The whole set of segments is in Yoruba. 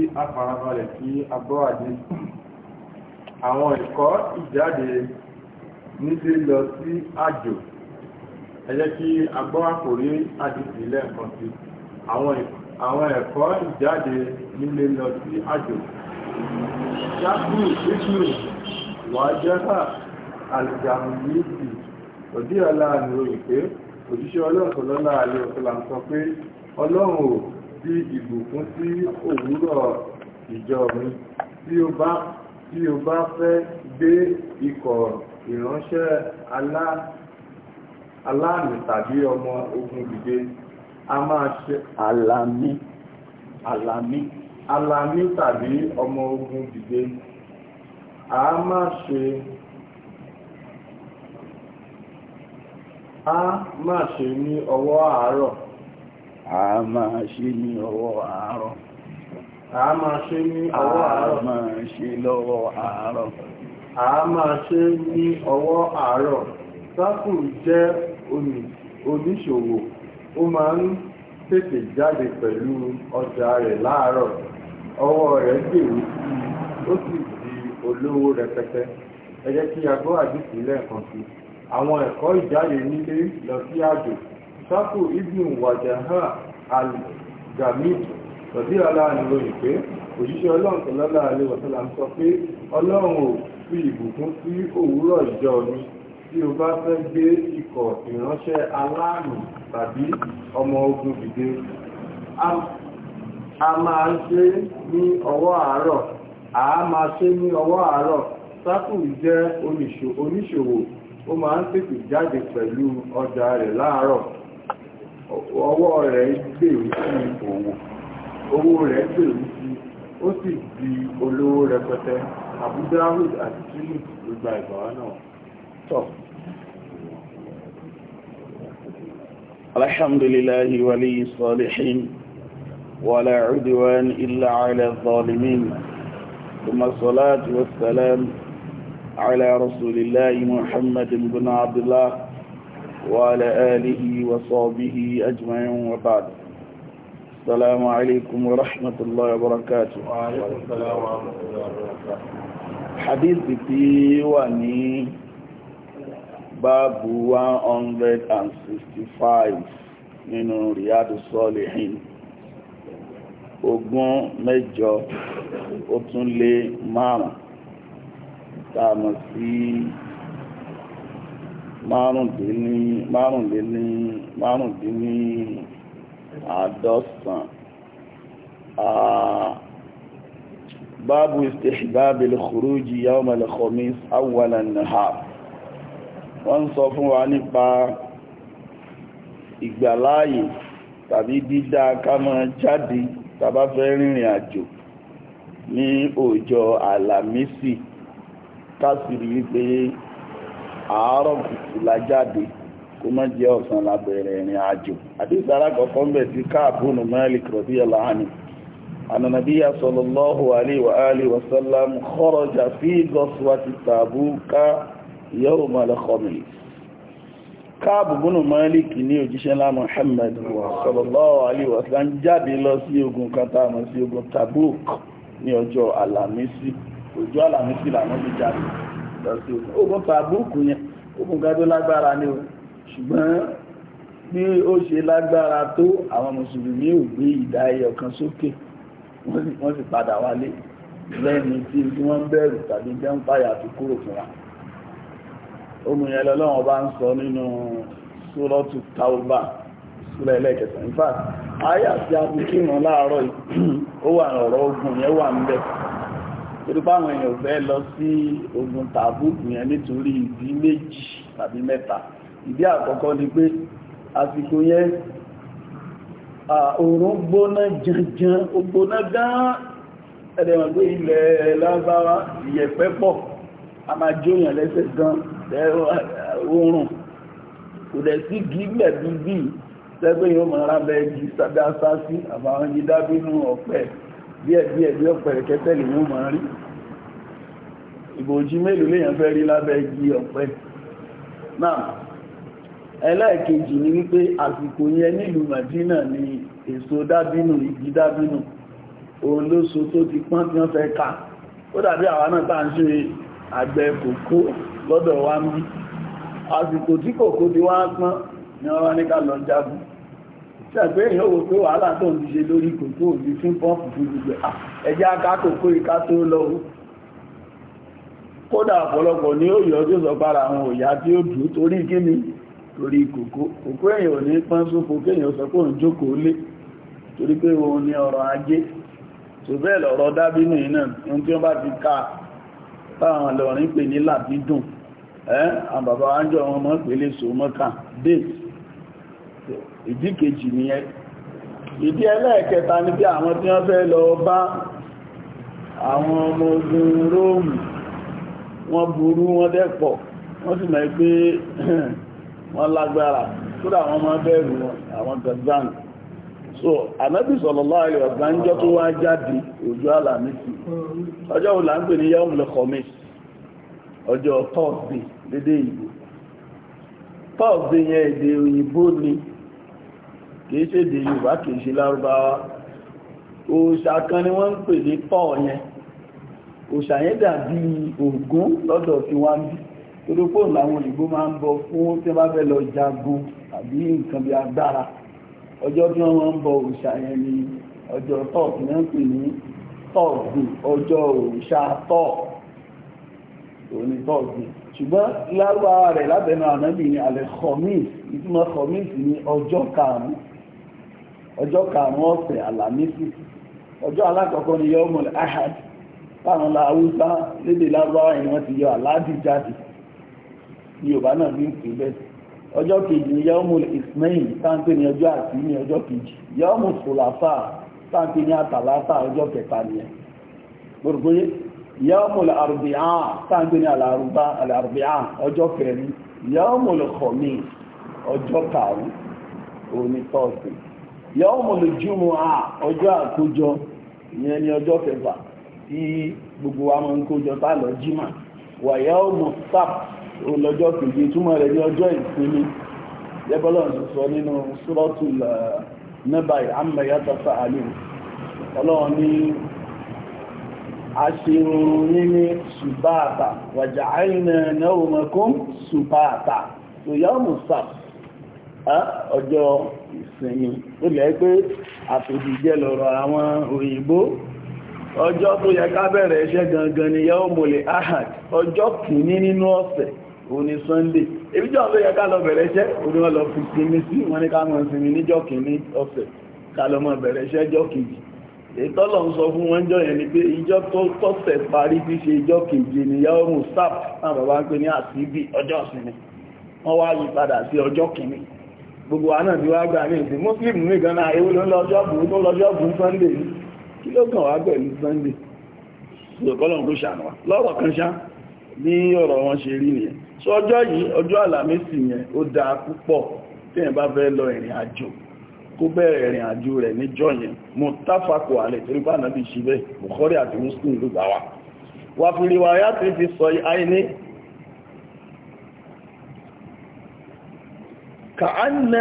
tí a farabalẹ̀ kí a gbọ́ àdé àwọn ẹ̀kọ́ ìjáde nílé lọ sí àjò ẹ jẹ́ kí a gbọ́ àkòrí àdìsí lẹ́ẹ̀kan sí àwọn ẹ̀kọ́ ìjáde nílé lọ sí àjò ṣáàkù ìṣẹ́kù wàájẹ́fà àlìjàmìlìsì òdí ọlá àmì òyìnpé òjíṣẹ́ ọlọ́ọ̀tọ̀lọ́lá àlè òtọ́lá ń sọ pé ọlọ́run ò sí ìbùkún sí òwúrọ̀ ìjọ mi tí o bá tí o bá fẹ́ gbé ikọ̀ ìránṣẹ́ aláàmì tàbí ọmọ ogun dìde a máa ṣe aláàmì aláàmì aláàmì tàbí ọmọ ogun dìde a máa ṣe a máa ṣe ní ọwọ́ àárọ̀ a máa ṣe ní ọwọ́ àárọ̀ a máa ṣe ní ọwọ́ àárọ̀ a máa ṣe lọ́wọ́ àárọ̀ a máa ṣe ní ọwọ́ àárọ̀ sáfù jẹ́ oníṣòwò ó máa ń tètè jáde pẹ̀lú ọjà rẹ̀ láàárọ̀ ọwọ́ rẹ̀ gbèrú sí ó sì di olówó rẹpẹtẹ ẹ jẹ́ kí a gbọ́ àdìsí lẹ́ẹ̀kan sí àwọn ẹ̀kọ́ ìjáde nílé lọ sí àjò sáfù ibnu wàjáhà al-gamid tọ̀dí aláàánú ròyìn pé òṣìṣẹ́ ọlọ́run tó lọ́lá alẹ́ wọ̀sọ́lá ń sọ pé ọlọ́run ò fi ìbùkún sí òwúrọ̀ ìjọ mi tí o bá fẹ́ gbé ikọ̀ ìránṣẹ́ aláàmì tàbí ọmọ ogun dìde a máa ṣe ní ọwọ́ àárọ̀ a máa ṣe ní ọwọ́ àárọ̀ sákùn jẹ́ oníṣòwò ó máa ń tètè jáde pẹ̀lú ọjà rẹ̀ láàárọ̀ ọwọ́ rẹ̀ gbèrú sí òwò owó rẹ̀ gbèrú sí ó sì di olówó rẹpẹtẹ abudulahud àti trinit ló gba ìgbàwá náà tọ̀. الحمد لله ولي الصالحين ولا عدوان إلا على الظالمين ثم الصلاة والسلام على رسول الله محمد بن عبد الله وعلى آله وصحبه أجمعين وبعد السلام عليكم ورحمة الله وبركاته وعليكم السلام ورحمة الله وبركاته حديث واني باب 165 من رياض الصالحين ogún mẹ́jọ ó tún lé márùn-ún márùndínláàdọ́sàn báàbù istihbab al-khuruj yawm al-khamis awwal an-nahar wọ́n sọ fún wa nípa ìgbàláyè tàbí dídá ká máa jáde tàbá fẹ́ rìnrìn àjò ní ọjọ́ àlàmísì kásìrí wípé àárọ̀ kùtù la jáde kó má jẹ́ ọ̀sán la bẹ̀rẹ̀ ìrìn àjò àdéhùn alákọ̀ọ́kọ́ ń bẹ̀ sí káàbù nù malik radiyallahu anhu النبي صلى الله عليه وآله وسلم خرج في غزوة تبوك يوم الخميس Káàbù búnù Máàlìkì ní lọ sí òkun ogun tàbúùkù yẹn ogun ga tó lágbára ni o ṣùgbọ́n bí ó ṣe lágbára tó àwọn mùsùlùmí ò gbé ìdá ẹyọ kan sókè wọ́n sì padà wálé lẹ́ni tí wọ́n bẹ̀rù tàbí jẹ́ ń fàyà tó kúrò fún wa ohun yẹn lọ́wọ́ bá ń sọ nínú sórọ́tù taubá súrẹ́ ẹlẹ́kẹsàn-án in fact àyà tí láàárọ̀ ó wà ọ̀rọ̀ ogun yẹn wà ń bẹ̀ torípa àwọn èèyàn fẹ́ lọ sí ogun tàbùkù yẹn nítorí ìdí méjì tàbí mẹ́ta ìdí àkọ́kọ́ ni pé àsìkò yẹn òòrùn gbóná janjan ó gbóná gán ẹ̀rẹ̀wọ̀n pé ilẹ̀ lágbára ìyẹ̀pẹ̀ pọ̀ a máa jóyàn lẹ́sẹ̀ gan oòrùn kò dẹ̀ sí gígbẹ̀ bíbí sẹ́gbẹ̀yìn ó mọ̀ rábẹ́ igi sádásá sí àbáwọn yídábínú ọ̀pẹ́ díẹ̀díẹ̀ bí ọ̀pẹ̀rẹ̀ kẹtẹ́ lè yóò máa rí ìbòjí mélòó léèyàn fẹ́ rí lábẹ́ igi ọ̀pẹ náà ẹlẹ́ẹ̀kejì ni wípé àsìkò yẹn nílùú Madina ni èso dábínù igi dábínù òun ló so tó ti pọ́n tí wọ́n fẹ́ ká ó dàbí àwa náà tá ń ṣe àgbẹ̀ kòkó lọ́dọ̀ wa ń bí àsìkò tí kòkó ti wá pọ́n ni wọ́n wá ní ká lọ jagun ṣàgbé èèyàn wò pé wàhálà tó ń ṣe lórí kòkó òbí fún pọ́ǹpù fún gbogbo ẹ̀jẹ̀ akákòókò ìka tó lọ kódà ọ̀pọ̀lọpọ̀ ni ó yọ tó sọ para àwọn òyà tí ó dùn torí kíni torí kòkó kòkó èèyàn ò ní pọ́n súnfò kéèyàn sọ pé òun jókòó lé torí pé òun ni ọ̀rọ̀ ajé tó bẹ́ẹ̀ lọ̀rọ̀ dábínú iná ohun tí wọ́n bá ti ká táwọn lọ́rin pè ní làbídùn ẹ́ àbàbà wájọ́ wọn mọ́ pèlé sòmọ́kà date ìdí kejì nìyẹn ìdí ẹlẹ́ẹ̀kẹta ni bí àwọn tí wọ́n fẹ́ lọ bá àwọn ọmọ ogun róòmù wọ́n burú wọ́n dẹ́pọ̀ wọ́n sì mọ̀ pé wọ́n lágbára kódà àwọn ọmọ bẹ̀rù àwọn gazan so ànábì sallallahu alaihi wasallam ń jọ tó wá jáde ojú àlàmísì ọjọ́ òun là ń pè ní yaumul khamis ọjọ́ tọ́ọ̀sì lédè ìgbò tọ́ọ̀sì yẹn èdè òyìnbó ni kìí ṣe èdè Yorùbá kìí ṣe lárúbáwá òòṣà kan ni wọ́n ń pè ní pọ̀ yẹn òòṣà yẹn dàbí Ògún lọ́dọ̀ tí wọ́n ń bí torípò làwọn òyìnbó máa ń bọ fún tí wọ́n fẹ́ lọ jagun àbí nǹkan bí agbára ọjọ́ tí wọ́n ń bọ òòṣà yẹn ni ọjọ́ tọ̀ tí wọ́n ń pè ní tọ́ọ̀gbìn ọjọ́ òòṣà tọ̀ òní tọ́ọ̀gbìn ṣùgbọ́n lárúbáwá rẹ̀ lábẹ́nu ànábì ni alẹ́ kọ̀míìsì ìtumọ̀ ni ọjọ́ karùn ọjọ́ karùn-ún ọ̀sẹ̀ alamisi ọjọ́ alákọ̀ọ́kọ́ ni yọ́ mọ̀lẹ̀ ahad táwọn la lédè lábáwá yìí wọ́n ti yọ aláàdì jáde yorùbá náà bí ń ọjọ́ kejì ni yọ́ mọ̀lẹ̀ ismail ọjọ́ àti ní ọjọ́ kejì yọ́ mọ̀ ọjọ́ kẹta gbogbo yọ́ mọ̀lẹ̀ ọjọ́ kẹrin yawmul jumu'a ọjọ́ àkójọ ìyẹn ni ọjọ́ kẹfà tí gbogbo wa máa ń kójọ tá lọ jímà wa yawmus sabt olọ́jọ́ keje túmọ̀ rẹ̀ ní ọjọ́ ìsinmi yẹ́bọ́lọ́ sọ nínú suratul eh, nabai amma yatasa'alun ọlọ́run ní aṣèrùn níní ṣùbáàtà wàjà àìnà ṣùbáàtà tó eh, ọjọ́ ìsinmi ó lẹ́ pé àtòjìjẹ́ lọ́rọ̀ àwọn òyìnbó ọjọ́ tó yẹ ká bẹ̀rẹ̀ iṣẹ́ gangan ni yẹ́ òmòlè ahad ọjọ́ kìíní nínú ọ̀sẹ̀ òní sunday ebi jọ́ tó yẹ ká lọ bẹ̀rẹ̀ iṣẹ́ òní wọ́n lọ fi sinmi sí wọ́n ní ká mọ̀ sinmi níjọ́ kìíní ọ̀sẹ̀ ká lọ mọ̀ bẹ̀rẹ̀ iṣẹ́ jọ́ kejì ìtọ́lọ̀ ń sọ fún wọn jọ yẹn ni pé ìjọ tó tọ́sẹ̀ parí tí ṣe ìjọ kejì ni yẹ́ òmù sáàpù náà bàbá ń pè ní àtìbí ọjọ́ ìsinmi wọ́n wá yí padà sí ọjọ́ kìíní gbogbo wa náà ni wá gbà ní ìsìn muslim ní ìgànnà ewu ló ń lọ ṣọ́ọ̀bù tó ń lọ ṣọ́ọ̀bù sunday ni kí ló kàn wá pẹ̀lú sunday lọ́kọ́lọ́n kó ṣàánà wa lọ́rọ̀ kan ṣá ní ọ̀rọ̀ wọn ṣe rí nìyẹn so ọjọ́ yìí ọjọ́ àlàmísì yẹn ó dáa púpọ̀ tí ẹ̀ bá fẹ́ lọ ìrìn àjò kó bẹ̀rẹ̀ ìrìn àjò rẹ̀ níjọ́ yẹn mutafaqu alayhi torí bá nàbí ṣe bẹ́ẹ̀ Bukhari àti Muslim ló gbà wá wà fi ti sọ àìní كأن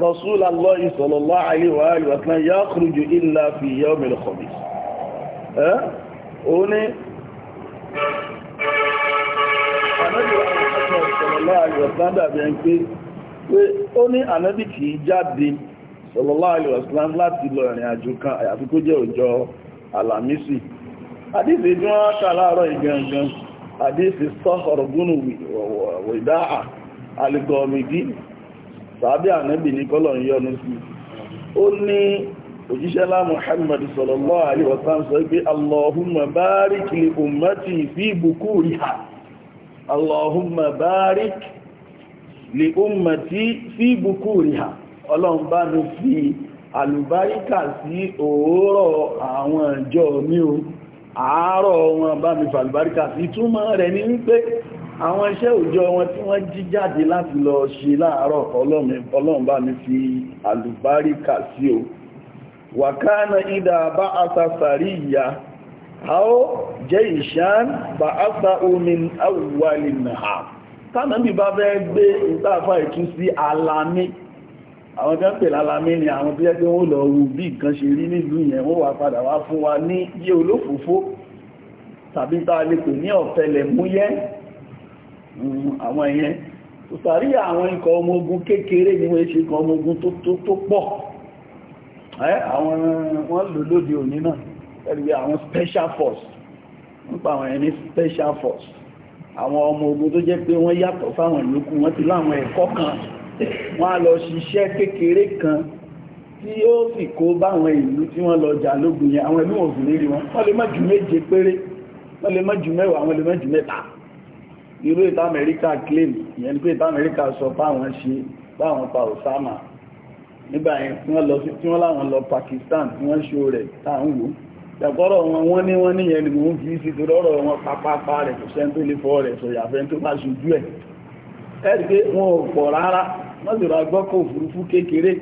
رسول الله صلى الله عليه وآله وسلم يخرج إلا في يوم الخميس ها أه؟ ó ní ànábì kì í jáde sallallahu alaihi wasallam láti lọ ìrìn àjò kan àyàfi kó jẹ́ ọjọ́ àlàmísì àdíṣẹ́ tí wọ́n kà láàárọ̀ ìgangan àdíṣẹ́ sọ́kọ̀rọ̀gúnù wìdáà alìkọ̀ọ̀mìdí tàbí ànábì ní kọ́lọ̀ yọ́nú sí ó ní òjíṣẹ́ lá Muhammad sallallahu alaihi wasallam sọ pé Allahumma barik li ummati fi bukuriha Allahumma barik li ummati fi bukuriha ọlọ́run bá ní fi àlùbáríkà sí òórọ̀ àwọn ìjọ mi o àárọ̀ wọn bá mi fàlùbáríkà sí túmọ̀ rẹ̀ ní wípé àwọn iṣẹ́ òòjọ́ wọn tí wọ́n jí jáde láti lọ ṣe láàárọ̀ ọlọ́run bá mi fi àlùbáríkà sí o wàkánà ìdá bá asa sàrí ìyá a ó jẹ́ ìṣán bá asa omi awùwálì náà tánàbí bá fẹ́ gbé ìtàfà ìtú sí alamí àwọn kan pè lálamí ni àwọn tó yẹ́ pé wọ́n lọ wù bí nǹkan ṣe rí nílùú yẹn wọ́n wà padà wá fún wa ní yé olófòfó tàbí tá a lè pè ní ọ̀tẹlẹ̀múyẹ́ àwọn ẹ̀yẹn tó sàrí àwọn ikọ̀ ọmọ ogun kékeré ni wọ́n ṣe ikọ̀ ọmọ ogun tó pọ̀ àwọn wọ́n lò lóde òní náà ẹ̀rí àwọn special force nípa àwọn ẹni special force àwọn ọmọ ogun tó jẹ́ pé wọ́n yàtọ̀ fáwọn ìlúkù wọ́n ti láwọn ẹ̀kọ́ kan wọ́n á lọ ṣiṣẹ́ kékeré kan tí ó sì kó báwọn ìlú tí wọ́n lọ jà lógun yẹn àwọn ìlú òfin lérí wọn wọ́n lè má ju méje péré wọ́n lè má ju mẹ́wàá wọ́n lè má mẹ́ta irú ìta amẹ́ríkà claim ìyẹn pé ìta amẹ́ríkà sọ páwọn ṣe báwọn pa Osama nígbà yẹn tí wọ́n láwọn lọ Pakistan tí wọ́n ṣe rẹ̀ táwọn wò ìyàkọ́rọ̀ wọn wọ́n ní wọ́n níyẹn ni wọ́n fi sí torọ́rọ̀ wọn pápápá rẹ̀ kò sẹ́ni tó lè fọ́ rẹ̀ sọ̀yàfẹ́ tó bá ṣojú ẹ̀ ẹ̀rí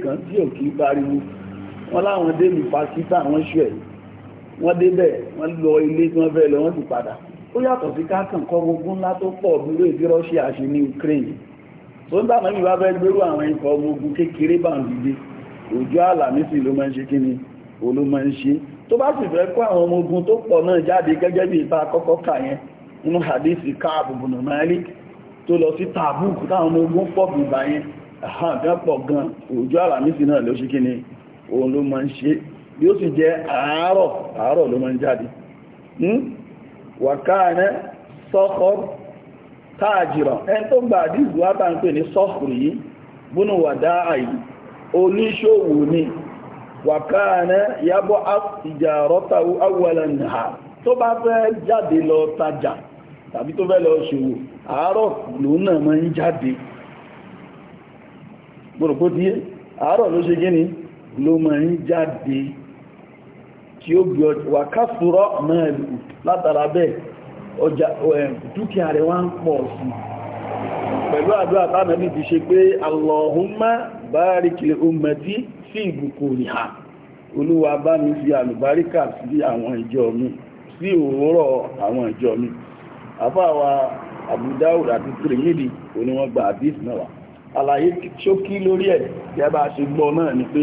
kan tí ò kí bariwo wọ́n láwọn dé ní Pakistan wọ́n ṣù ẹ̀ wọ́n débẹ̀ wọ́n ilé tí ó yàtọ̀ sí kákàn kọ gbogbo ńlá tó pọ̀ dúró ìdí Russia ṣe ní Ukraine tó ń dáná yìí wá fẹ́ gbérú àwọn ikọ̀ ọmọ ogun kékeré bá ń dìde òjò àlàmísì ló máa ń ṣe kí ni olú máa ń ṣe tó bá sì fẹ́ kó àwọn ọmọ ogun tó pọ̀ náà jáde gẹ́gẹ́ bí ipa kọ́kọ́ kà yẹn nínú hadisi káàbù bùnà Malik tó lọ sí Tabuk táwọn ọmọ ogun pọ̀ bìbà yẹn àhàn pọ̀ gan òjò àlàmísì náà ló ṣe kí ni òun ló máa ń ṣe bí ó sì jẹ́ àárọ̀ àárọ̀ ló máa ń jáde hmm? wàkáàná sọ́kọ́r táàjìrọ̀ ẹn tó gbà àdíjù wátà ń pè ní sọ́kùr yìí búnú wà dáa yìí oníṣòwò ni wàkáàná yàbọ̀ ìjàrọ́ta awọ́lẹ̀ nìha tó bá fẹ́ jáde lọ tajà tàbí tó fẹ́ lọ ṣòwò àárọ̀ ló náà máa ń jáde gbọ́rọ̀kó díẹ̀ àárọ̀ ló ṣe gíní ló máa ń jáde tí ó gbé wà káfùrọ́ náà lù látara bẹ́ẹ̀ ọjà dúkìá rẹ̀ wá ń pọ̀ sí pẹ̀lú àdúrà tánàbí ti ṣe pé Allahumma barik li ummati fi bukuriha olúwa bá mi fi àlùbáríkà sí àwọn ìjọ mi sí òwúrọ̀ àwọn ìjọ mi àfáàwà Abu Dawud àti Tirmidhi oníwọ̀n gba àdís náà àlàyé ṣókí lórí ẹ̀ tí a bá ṣe gbọ́ náà ni pé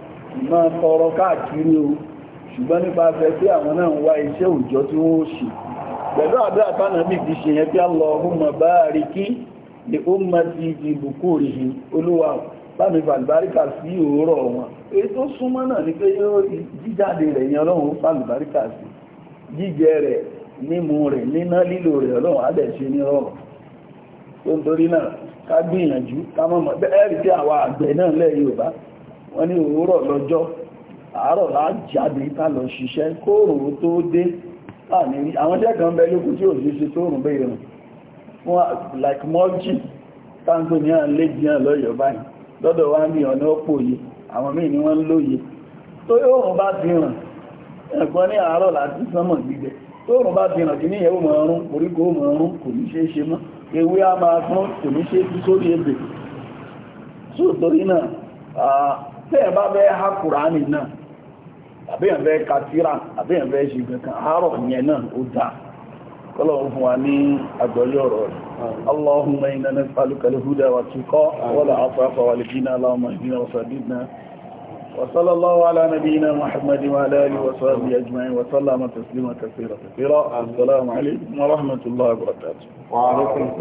máa tọrọ káàkiri o ṣùgbọ́n nípasẹ̀ pé àwọn náà ń wá iṣẹ́ òòjọ́ tí wọ́n ṣe pẹ̀lú àdúrà tánàbí ti ṣe yẹn pé Allahumma bariki li ummati bi bukurihim olúwa bámi fàlùbáríkà sí òórọ̀ wọn èyí súnmọ́ náà ni pé jíjáde rẹ̀ yẹn ọlọ́run fàlùbáríkà sí jíjẹ rẹ̀ mímu rẹ̀ níná lílò rẹ̀ ọlọ́run adẹ̀ṣe ní ọrọ̀ tó ń torí náà ká gbìyànjú ká mọ̀mọ́ ẹ̀rí tí àwa àgbẹ̀ náà lẹ́ Yorùbá wọ́n ní òwúrọ̀ lọ́jọ́ àárọ̀ lájáde ká lọ ṣiṣẹ́ kóòrùn tó dé láàrin àwọn iṣẹ́ kan bẹ lókù tí ò sí ṣe tóòrùn bẹ́ ìrùn fún like mulching táńtò ní à ń lé díàn lọ́yọ̀ báyìí lọ́dọ̀ wá ní ọ̀nà ọ̀pọ̀ yìí àwọn míì ni wọ́n ń lóye tó yóòrùn bá ti ràn ẹ̀gbọ́n ní àárọ̀ láti sánmọ̀ gbígbẹ tóòrùn bá ti ràn kí ní ìyẹ̀wò mọ̀ ọrún oríkó mọ̀ ọrún kò ní ṣeé ṣe mọ́ ewé á máa fún kò ní ṣeé tú sórí ebè tẹ́ẹ̀ bá bẹ́ ha kùránì náà àbíyàn bẹ́ katira àbíyàn bẹ́ ṣe kankan àárọ̀ yẹn náà ó dá kọ́lọ̀wọ́ fún wa ní àgbọ́lẹ̀ ọ̀rọ̀ rẹ̀ اللهم إنا نسألك الهدى والتقى ولا عفاف والدين اللهم اهدنا وسددنا وصلى الله على نبينا محمد وعلى آله وصحبه أجمعين وسلم تسليما كثيرا كثيرا السلام عليكم ورحمة الله وبركاته وعليكم السلام